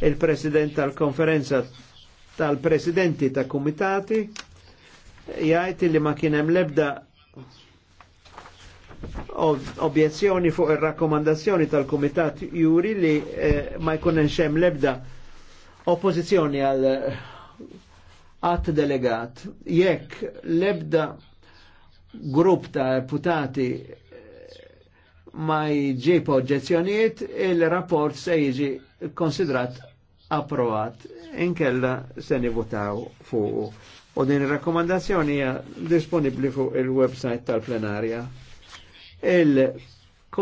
il-President tal-Konferenza tal-Presidenti ta' Kumitati jgħid li ma kien hemm lebda objezzjoni fuq il rakkomandazzjoni tal-Kumitat Juri li eh, ma jkunx hemm lebda oppożizzjoni għal eh, att delegat. Jekk lebda grupp ta' deputati ma jġib oġġezzjonijiet, il-rapport se jiġi konsidrat approvat. Inkella se nivutaw fuq. U din il-rakkomandazzjoni hija disponibbli fuq il-website tal-plenarja. Il